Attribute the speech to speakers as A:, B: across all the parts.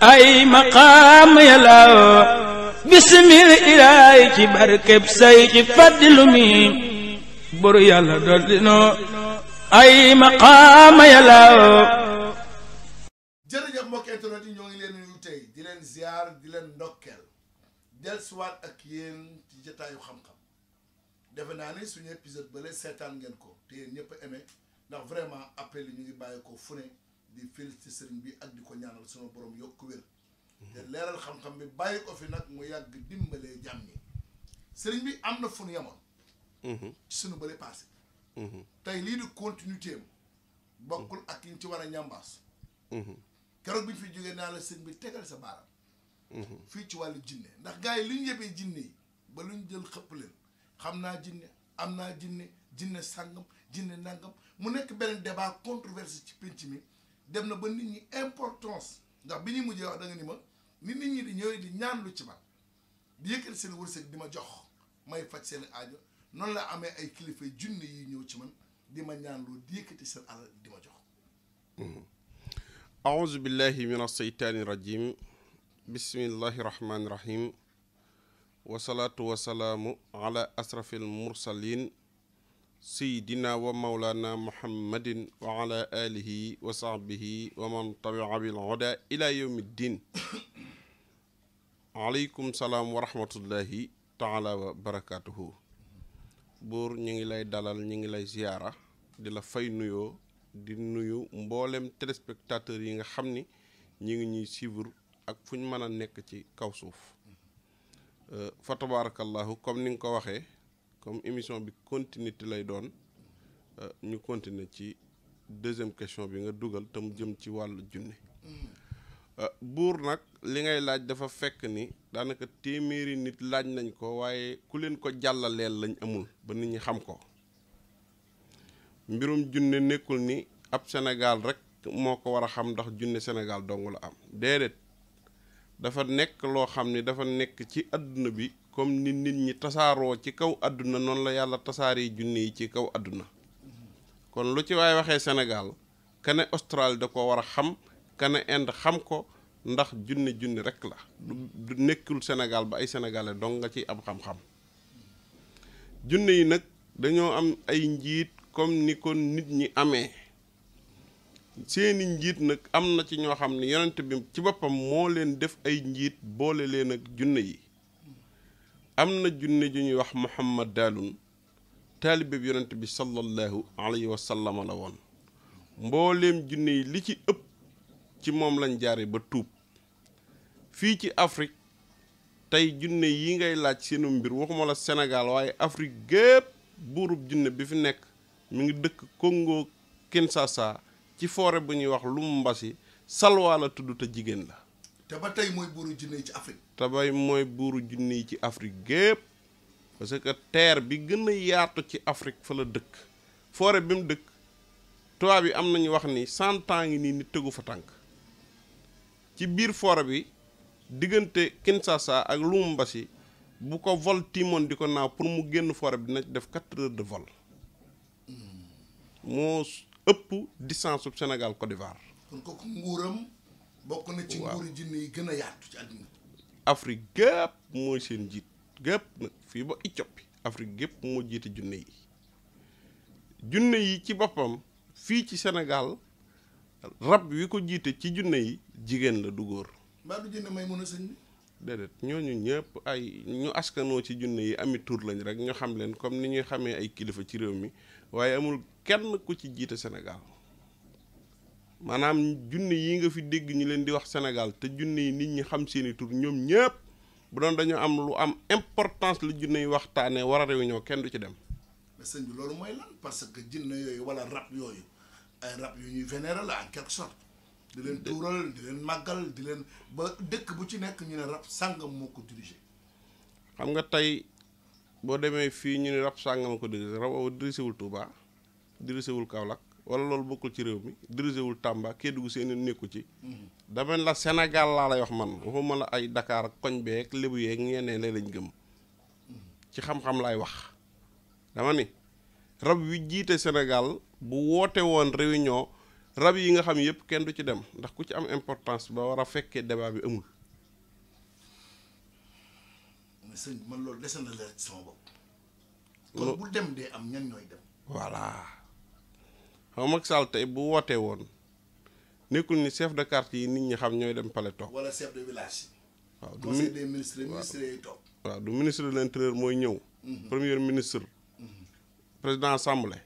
A: ay maqaam yàllaaw bisimil ilaay ci barkeb say ci faddilu mi buru yàlla doldinoo
B: ay maqaam yàllaaw
A: jërëjëf mbokk internet yi ñoo ngi leen nuyu tey di leen ziar di leen ndokkeel dellusiwaat ak yéen ci jotaayu xam-xam defe naa ni suñu épisode bële seetaan ngeen ko te yéen ñëpp aimé ndax vraiment appel yi ñu ngi bàyyi ko fu di félicité sëriñ bi ak di ko ñaanal sama borom yokk wér te leeral xam-xam bi bàyyi ko fi nag mu yàgg dimbalee jàmm yi sëriñ bi am na fu nu yemoon mhm. ci sunu bële passé mhm. tey lii di continuité am bokkul ak yi ñu ci war a ñambaas mhm. keroog bi ñu fi jógee naa la sëriñ bi tegal sa baaram fii ci wàll jinne ndax gars yi li ñu yebee jinne yi ba lu ñu jël xëpp leen xam naa jinne am naa jinne jinne sàngam jinne ndàngam mu nekk benn débat controversé ci pinc mi dem na ba nit ñi importance ndax bi ñuy mujjee wax da ni ma nit ñi di ñëwee ñaan lu ci man di yëkkati seen wërsëg di ma jox may faj seen aajo noonu la amee ay kilifa junne yi ñëw ci man di ma ñaan lu di yëkkati seen alal di ma jox
B: hmm. aouzu billahi min alseytaani rajim bismillahi rahmaani rahim wasalaatu wasalaamu ala asrafi almursalin sayidina wa mawlana muhammadin wa ala wa sahbihi wa man tabia bil huda ila yawmi aleykum salaam wa rahmatullahi wa barakaatuhu buur ñu ngi lay dalal ñu ngi lay ziyaara di la fay nuyoo di nuyu mboolem téléspectateurs yi nga xam ni ñu ngi ñuy suivre ak fu ñu mën a nekk ci kaw suuf euh, fa tabarakallahu comme ni nga ko waxee comme émission bi continuité lay doon euh, ñu continue ci deuxième question bi nga dugal te mu jëm ci wàllu junne mm. euh, buur nag li ngay laaj dafa fekk ni daanaka téeméeri nit laaj nañ ko waaye ku leen ko jàllaleel lañ amul ba nit ñi xam ko mbirum junne nekkul ni ab Sénégal rek moo ko war a xam ndax junne Sénégal dong la am déedéet dafa nekk loo xam ne dafa nekk ci àdduna bi comme ni nit ñi tasaaroo ci kaw àdduna noonu la yàlla tasaaree junni yi ci kaw àdduna kon lu ci waay waxee Sénégal kane Australie da ko war a xam kane Inde xam ko ndax junni junni rek la du nekkul Sénégal ba ay sénégalais dong nga ci am xam-xam junni yi nag dañoo am ay njiit comme ni ko nit ñi amee seeni njiit nag am na ci ñoo xam ne yonent bi ci boppam moo leen def ay njiit boole leen ak junne yi am na junne yu ñuy wax Muhammad Daalun taalibe bi yonent bi sallallahu alayhi wa la woon mbooleem junne yi li ci ëpp ci moom lañ jaare ba tuub fii ci Afrique tey junne yi ngay laaj seenu mbir waxuma la senegaal waaye Afrique gépp buurub junne bi fi nekk mi ngi dëkk Congo Kinshasa ci foore bu ñuy wax Lumbasi mbasi la tudd te jigéen la.
A: te ba tey mooy buuru junne yi ci
B: Afrique. mooy buuru junne ci Afrique gépp parce que terre bi gën yaatu ci Afrique fa la dëkk foore bi mu dëkk tubaab bi am nañu wax ni cent ans ngi nii nit tegu fa tànk ci biir forêt bi diggante Kinshasa ak mbasi bu ko vol tiimoon di ko naaw pour mu génn foore bi na def quatre heures de vol. moo ëpp distance su Sénégal Côte d'Ivoire.
A: bokk na ci yi gën a yaatu
B: Afrique gépp mooy seen jiit gépp nag fii ba Éthiopie Afrique gépp moo jiite junne yi junne yi ci boppam fii ci senegal rab wi ko jiite ci junne yi jigéen la du góor.
A: mbaa du may mën a
B: déedéet ñooñu ñëpp ay ñu askanoo ci junne yi ami tur lañ rek ñu xam leen comme ni ñuy xamee ay kilifa ci réew mi waaye amul kenn ku ci jiite senegal maanaam junne yi nga fi dégg ñu leen di wax Sénégal te junne yi nit ñi xam seeni tur ñoom ñëpp bu doon dañu am lu am importance la junne yi waxtaanee war a réunion kenn du ci dem.
A: mais loolu mooy lan parce que junne yooyu wala rab yooyu ay rab yu ñuy vénérer la quelque sorte. di leen tuural di leen màggal di leen ba dëkk bu ci nekk ñu ne rab sàngam moo ko dirigé
B: xam nga tey boo demee fii ñu ne rab sàngam ko dirigé rab boobu dirigé wul Touba dirigé wul Kaolack wala loolu bokkul ci réew mi dirigé wul Tamba Kédougou seen nekku ci mhm. dama la Sénégal laa lay wax man waxuma la ay Dakar ak koñ beek lébu yeeg ñeneen la lañ gëm mhm. ci xam-xam laay wax dama ne rab wi jiite senegal bu woote woon réunion rab yi nga xam yëpp kenn du ci dem ndax ku ci am importance ba war a fekkee débat bi amul.
A: mais man loolu dese na leer ci sama
B: bopp.
A: am ñan ñooy dem.
B: xam nga Sall tey bu wootee woon nekkul ni chef de quartier yi nit ñi xam ñooy dem palais toog.
A: wala chef de village.
B: waaw du conseil des
A: ministres ministres
B: du ministre de l'intérieur mooy ñëw. Mhm. premier ministre. Mhm. président assemblée.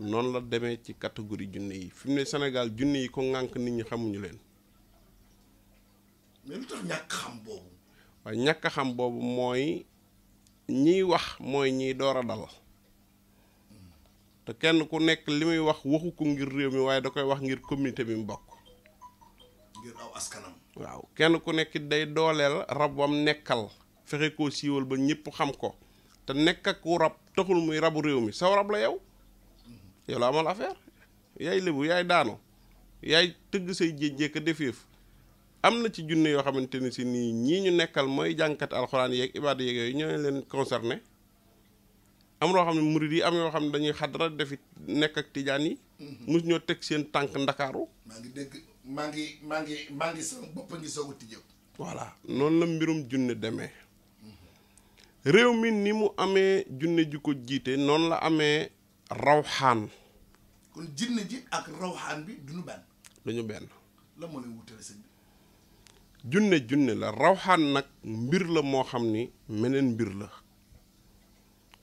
B: noonu la demee ci catégorie junne yi fi mu ne senegal junne yi ko ŋànk nit ñi xamuñu leen.
A: mais lu tax ñàkk xam boobu.
B: waaye ñàkk xam boobu mooy ñiy wax mooy ñiy door dal te kenn ku nekk li muy wax waxu ko ngir réew mi waaye da koy wax ngir communauté bi mu bokk. ngir aw waaw kenn ku nekk day dooleel rab wam nekkal fexe koo siiwal ba ñépp xam ko te nekk ak rab taxul muy rabu réew mi saw rab la yow. yow la amal affaire yaay lébu yaay daanu yaay tëgg say jéjjékk def yëf am na ci junne yoo xamante ni si nii ñii ñu nekkal mooy jànkat alxuraan yeeg ibaada yeeg yooyu ñoo leen concerné am loo xam ne murid yi am yoo xam ne dañuy xadra defi nekk ak tijaan yi. Mhm. mus ñoo teg seen tànk ndakaaru.
A: maa ngi dégg ngi maa ngi maa
B: voilà noonu la mbirum junne demee mhm. réew mi ni mu amee junne ju ko jiite noonu la amee. rawxaan.
A: kon jinne ji ak rawxaan bi duñu benn. duñu benn. la
B: junne junne la rawxaan nag mbir la moo xam ni meneen mbir la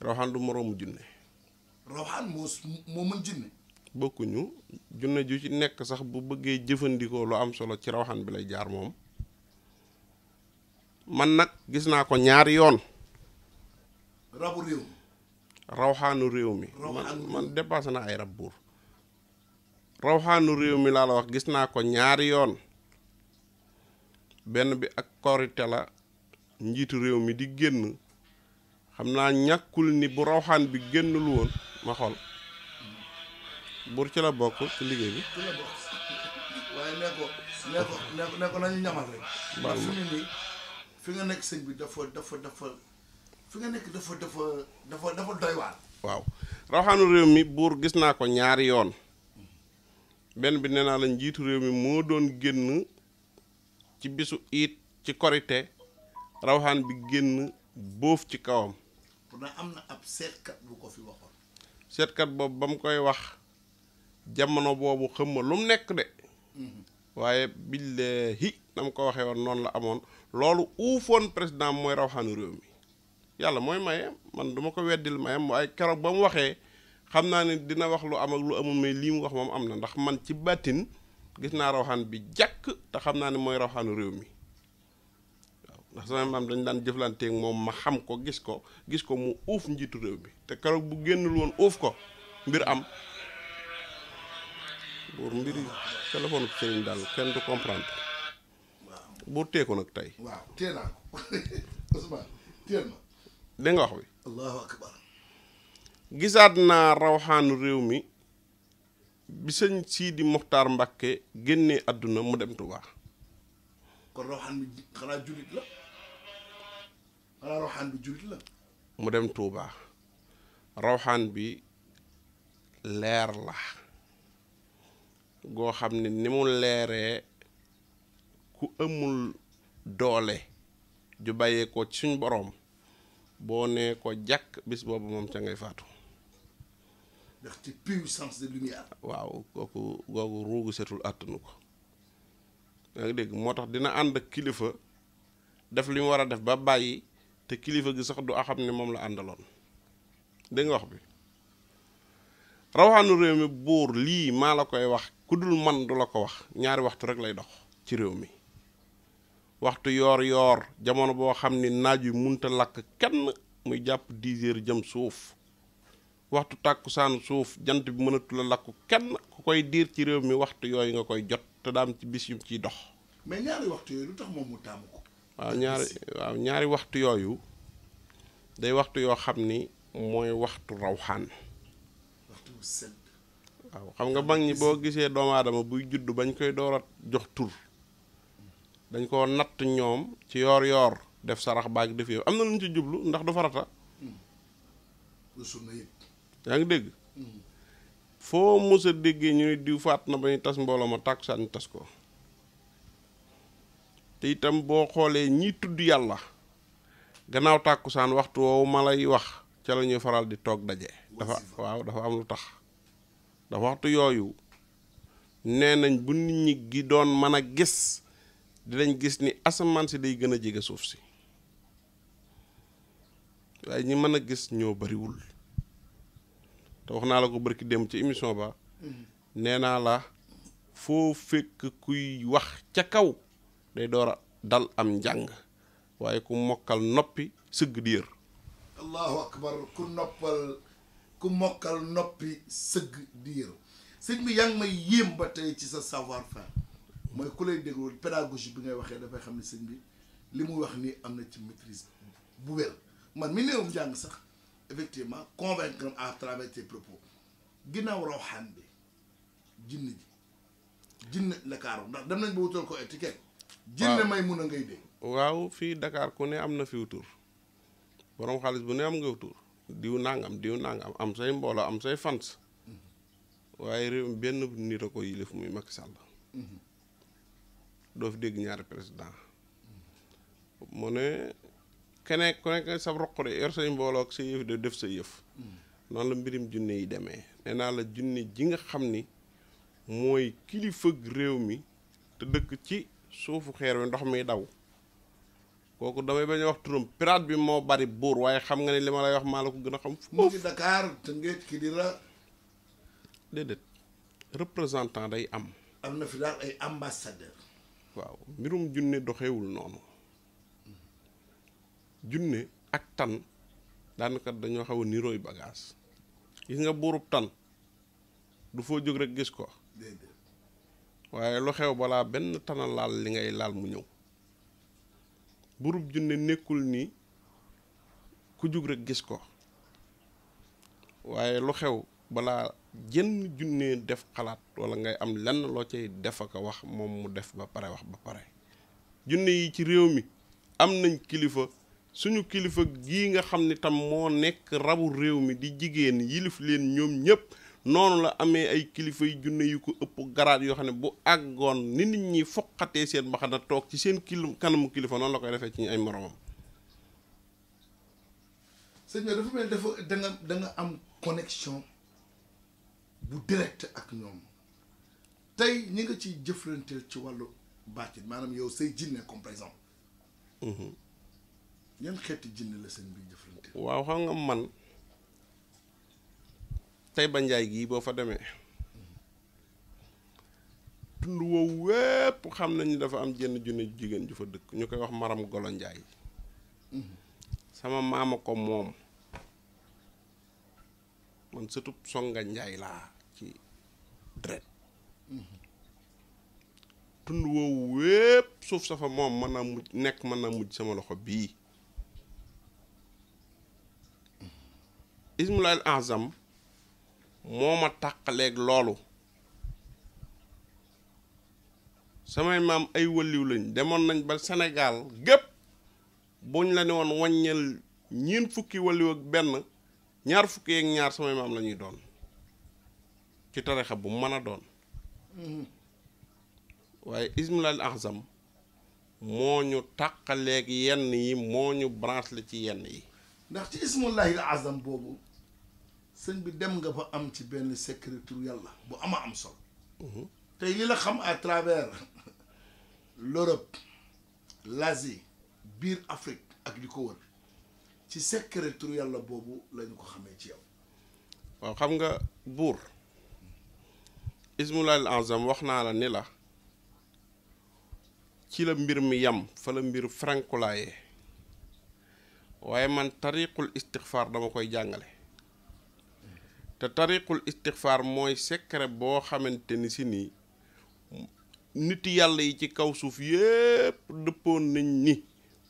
B: rawxaan du moroomu junne.
A: rawxaan moo moo mën
B: junne. bokkuñu junne ju ci nekk sax bu bëggee jëfandikoo lu am solo ci rawxaan bi lay jaar moom man nag gis naa ko ñaari yoon. rawxaanu réew mi man man dépassé na ay rab buur rawxaanu réew mi laa la wax gis naa ko ñaari yoon benn bi ak korite la njiitu réew mi di génn xam naa ñàkkul ni bu rawxaan bi génnul woon ma xool buur ci la bokk ci liggéey bi
A: fi nga nekk sëñ bi dafa dafa dafa dafa dafa dafa dafa doy
B: waaw rawaxaanu réew mi buur gis naa ko ñaari yoon benn bi nee naa la njiitu réew mi moo doon génn ci bisu iit ci korite rawaxaan bi génn bóof ci kawam. pourtant am na ab seetkat bu ko boobu ba mu koy wax jamono boobu xam ma lu mu nekk de. Mm-hmm. waaye billaahi na mu ko waxee woon noonu la amoon loolu uufoon président mooy rawaxaanu réew mi. yàlla mooy maye man du ma ko weddil mayam ay keroog ba mu waxee xam naa ne dina wax lu am ak lu amul mais lii mu wax moom am na ndax man ci bàttin gis naa rawxaan bi jàkk te xam naa ni mooy rawxaanu réew mi waaw ndax sama maam dañ daan jëflanteeg moom ma xam ko gis ko gis ko mu uuf njiitu réew mi te keroog bu génnul woon uuf ko mbir am buur mbiri téléphone bi sëriñ daal kenn du comprendre buur tee ko nag tey dégg nga wax bi gisaat naa rawxaanu réew mi bi sëñ Sidi Mokhtar Mbacke génnee àdduna mu dem Touba. kon bi dem Touba rawxaan bi leer la goo xam ne ni mu leeree ku amul doole ju bàyyee ci suñ boroom. boo nee ko jàkk bis boobu moom ca ngay faatu.
A: ndax ci puissance de
B: lumière. waaw kooku googu ruugu setul àttanu ko. yaa ngi dégg moo tax dina ànd ak kilifa def li mu war a def ba bàyyi te kilifa gi sax du a xam ne moom la àndaloon danga wax bi rawaxaanu réew mi buur lii maa la koy wax ku dul man du la ko wax ñaari waxtu rek lay dox ci réew mi. waxtu yoor yoor jamono boo xam ni naaj yu munta lakk kenn muy jàpp dix heures jëm suuf waxtu tàkkusaan suuf jant bi mënatula lakk kenn ku koy diir ci réew mi waxtu yooyu nga koy jot te daam ci bis yu ciy dox mais ñaari waxtu yooyu day waxtu yoo xam ni mooy waxtu rawxaan waxtu waaw xam nga mag ñi boo gisee doomu aadama buy judd bañ koy door a jox tur dañ koo natt ñoom ci yoor yoor def sarax baag def yow am na lu ñu ci jublu ndax du farata hmm. yaa ngi dégg hmm. foo mës a déggee ñu ne diw faat na ba ñu tas mbooloo ma tàkkusaan ñu tas ko te itam boo xoolee ñiy tudd yàlla gannaaw tàkkusaan waxtu woow ma lay wax ca lañuy faral di toog daje dafa waaw dafa am lu tax dafa waxtu yooyu nee nañ bu nit ñi gi doon mën a gis dinañ gis ni asamaan si day gën a jege suuf si waaye ñi mën a gis ñoo bariwul te wax naa la ko barki dem ci émission ba nee naa la foo fekk kuy wax ca kaw day door a dal am njàng waaye ku mokkal noppi sëgg di yër
A: allahu akbar ku mokkal noppi sëgg di yër sëñ yéem ba tey ci sa savoir faire mooy ku lay déglu pédagogie bi ngay waxee dafay xam ne sëñ bi li muy wax nii am na ci maîtrise bu wér man mi néewum jàng sax effectivement convaincre à travers tes propos ginnaaw rawxaan bi jinn ndax dem nañ ba wutal ko waaw jinn may
B: fii Dakar ku ne am na fi wutur borom xaalis bu ne am nga wutur diw nangam diw nangam am say mbooloo am say fans mm-hmm. waaye réew benn nit a ko yilif muy Macky Sall. Mm-hmm. doo fi dégg ñaari président mu ne keneen ku nekk sa roq de yor say mbooloo ak sa yëf de def sa yëf noonu la mbirim junne yi demee nee naa la junni ji nga xam ni mooy kilifag réew mi te dëkk ci suufu xeer wi ndox mi daw kooku damay bañ a wax turam pirate bi moo bari buur waaye xam nga ne li ma lay wax maa la ko gën a xam foofu Dakar Tëngéej ki di la déedéet représentant day am am na fi daal ay ambassadeur waaw mbirum junne doxewul noonu junne ak tan daanaka dañoo xaw a nirooy bagaas gis nga buurub tan du foo jóg rek gis ko waaye lu xew balaa benn tana li ngay laal mu ñëw buurub junne nekkul ni ku jóg rek gis ko waaye lu xew balaa jën junne def xalaat wala ngay am lenn loo cay def ak wax moom mu def ba pare wax ba pare junne yi ci réew mi am nañ kilifa suñu kilifa gii nga xam ni tam moo nekk rabu réew mi di jigéen yilif leen ñoom ñëpp noonu la amee ay kilifa yu junne yu ko ëpp garaat yoo xam ne bu àggoon ni nit ñi foqatee seen mbaxana toog ci seen kil kanamu kilifa noonu la koy defee ci ay moromam.
A: sëñ am connexion. bu direct ak ñoom tey ñi nga ciy jëflante ci wàllu baatin maanaam yow say jinne comme par exemple mhm. yan xeeti jinne la seen biir jëflante
B: waaw xam nga man tey ba njaay gii boo fa demee tund woowu wépp xam nañu dafa am jenn junne jigéen ju fa dëkk ñu koy wax maram golo njaay mhm. sama maam ako moom man surtout songa njaay laa dret tund woowu wépp suuf safa moom mën naa mujj nekk mën naa mujj sama loxo bii ismulaayil azam moo ma tàqaleeg loolu samay maam ay wëlliw lañ demoon nañ ba senegaal gépp buñ la ne woon wàññeel ñiin fukki wëlliw ak benn ñaar fukki ak ñaar samay maam la ñuy doon ci tarixa bu mën a doon mm-hmm. waaye ismilal ahzam moo ñu tàqaleeg yenn yi moo ñu branche ci yenn yi
A: ndax ci ismullahil azam boobu sëñ bi dem nga ba am ci benn sécurité yàlla bu ama am solo mm-hmm. te li la xam à travers l'Europe l'Asie biir Afrique ak li ko wër ci secret tur yàlla boobu lañu ko xamee ci yow.
B: waaw xam nga buur ismulal azam wax naa la ni la ci la mbir mi yam fa la mbir frankulaaye waaye man tariqul istixfaar dama koy jàngale te tariqul istixfaar mooy secret boo xamante ni si nii nit yàlla yi ci kaw suuf yépp dëppoon nañ ni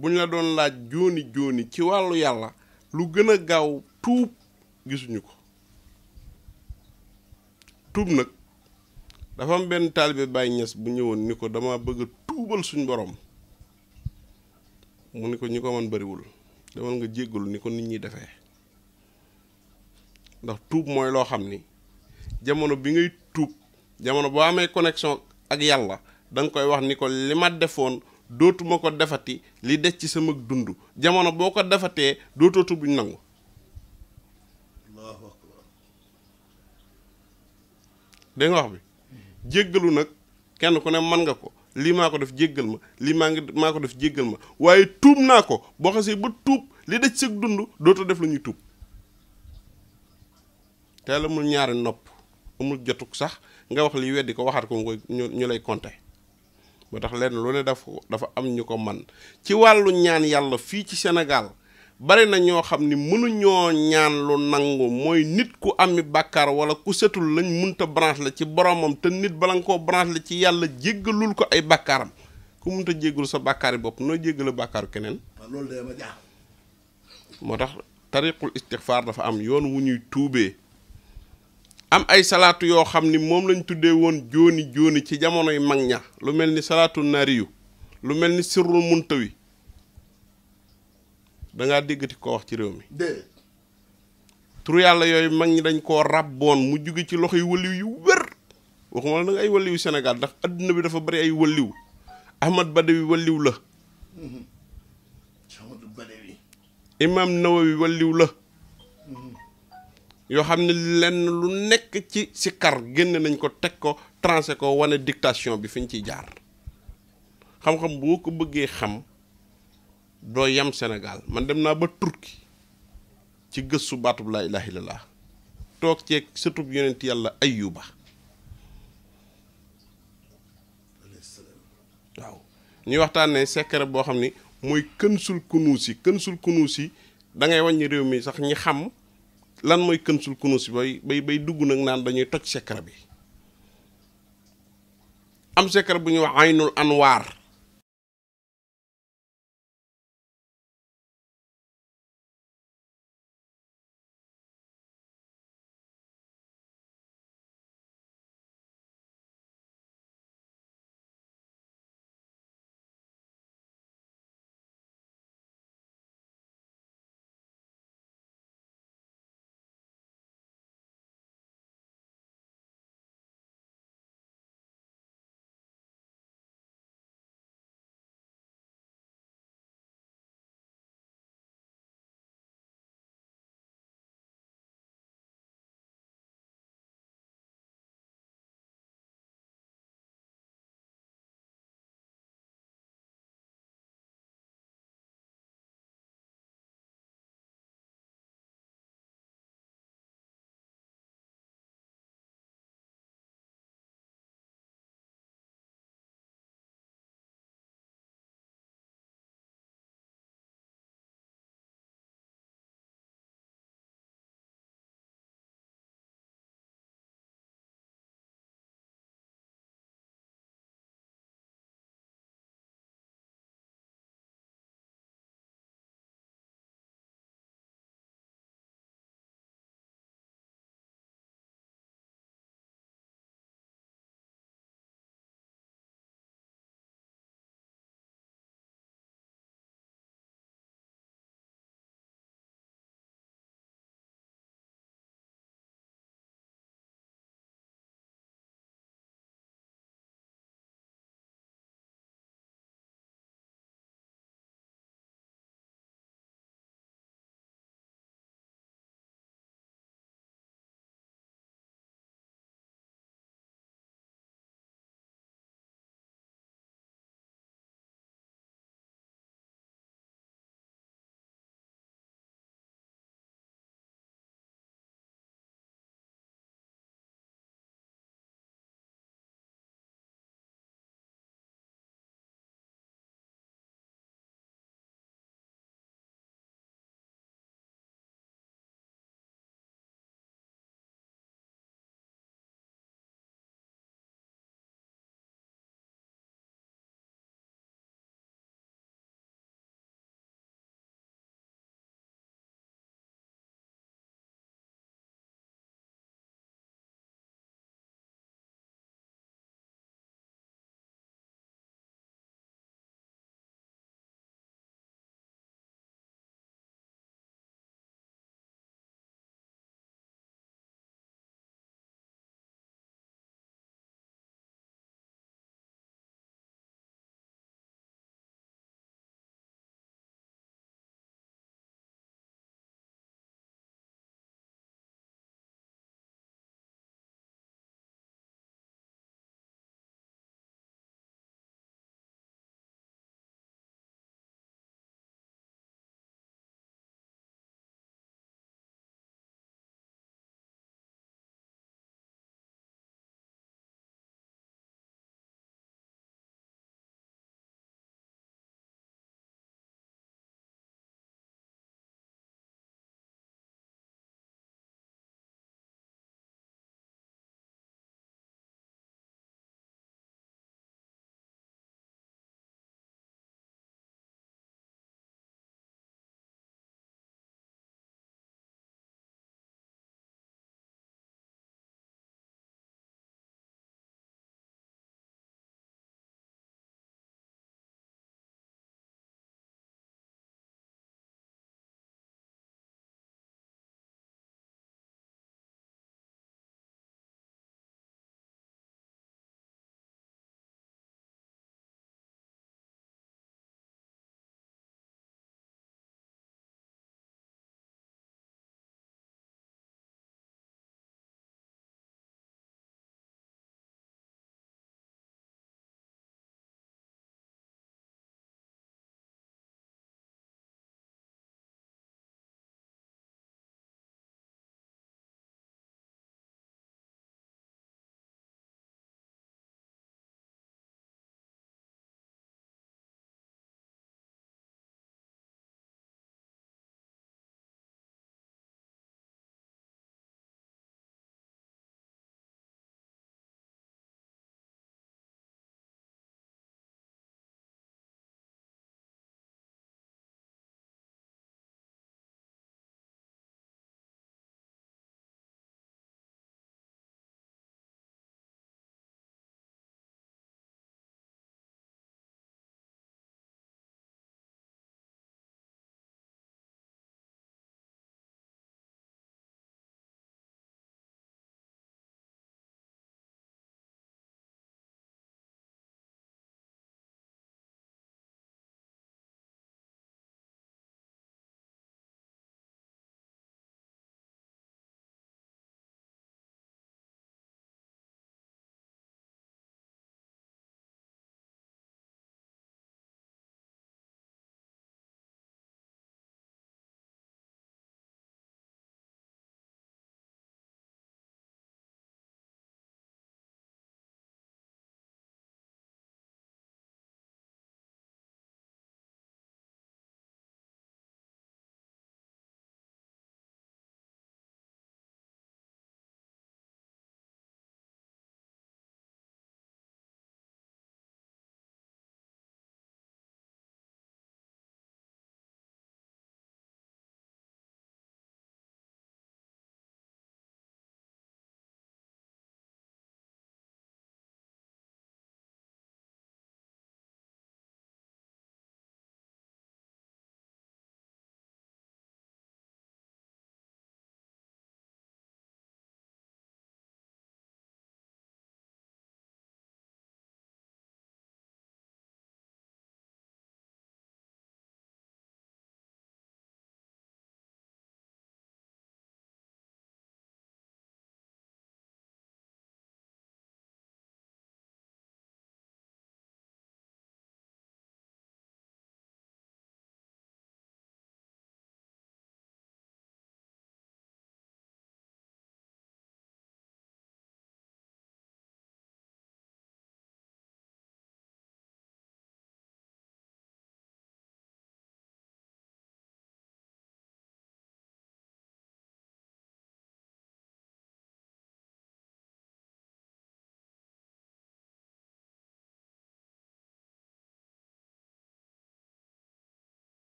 B: buñ la doon laaj jooni jooni ci wàllu yàlla lu gën a gaaw tuub gisuñu ko tuub nag dafa am benn taalibe Baye Niass bu ñëwoon ni ko dama bëgg a tuubal suñ borom mu ni ko ñi ko man bariwul demal nga jéggalu ni ko nit ñi defee ndax tuub mooy loo xam ni jamono bi ngay tuub jamono boo amee connexion ak yàlla danga koy wax ni ko li ma defoon dootuma ko defati li des ci sama dund jamono boo ko defatee dootootu buñ nangu dégg nga wax bi jéggalu nag kenn ku ne mën nga ko lii maa ko def jéggal ma lii maa ngi maa ko def jéggal ma waaye tuub naa ko boo xasee ba tuub li daj sëg dund dootoo def lu ñuy tuub teel amul ñaari nopp amul jotuk sax nga wax li weddi ko waxaat ko nga ñu ñu lay konte moo tax lenn lu ne dafa dafa am ñu ko man ci wàllu ñaan yàlla fii ci Sénégal bari na ñoo xam ni mënuñoo ñaan lu nangu mooy nit ku ami bàkkaar wala ku setul lañ munta branche la ci boromam te nit bala nga la ci yàlla jéggalul ko ay bàkkaaram ku munta jéggalu sa bàkkaari bopp noo jéggale bàkkaaru keneen loolu de moo tax tariqul istixfaar dafa am yoon wu ñuy tuubee am ay salaatu yoo xam ni moom lañ tuddee woon jóoni jooni ci jamonoy mag ña lu mel ni salaatu naari lu mel ni sirrul wi da ngaa déggati ko wax ci réew mi. turu yàlla yooyu mag ñi dañ koo ràbboon mu jóge ci loxo yu wëliw yu wér waxuma la nag ay wëliw Sénégal ndax adduna bi dafa bari ay wëliw Ahmad Badawi wëliw la. Imam Nawawi wëliw la. yoo xam ne lenn lu nekk ci sikar génn nañ ko teg ko tranché ko wane dictation bi fi ñu ciy jaar xam-xam boo ko bëggee xam. doo yam Sénégal man dem naa ba Turki ci gëstu baatub laa ilaaha illallaah toog ceeg sëtub yonent yàlla Ayyuba waaw ñuy waxtaanee secret boo xam ni mooy kënsul kunuusi kënsul kunuusi dangay ngay wàññi réew mi sax ñi xam lan mooy kënsul kunuusi bay bay bay dugg nag naan dañuy toj secret bi am secret bu ñuy wax aynul anwaar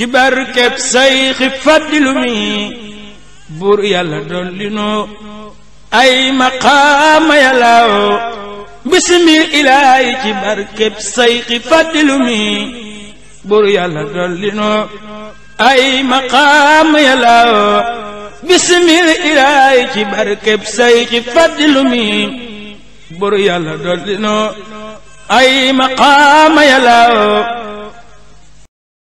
A: ci barkeb sayxi faddilu mi buur yàlla dolli noo ay maqaama yàllaaw bismi ilaahi ci barkeb sayxi faddilu mi buur yàlla dolli noo ay dolli noo ay maqaama yàllaaw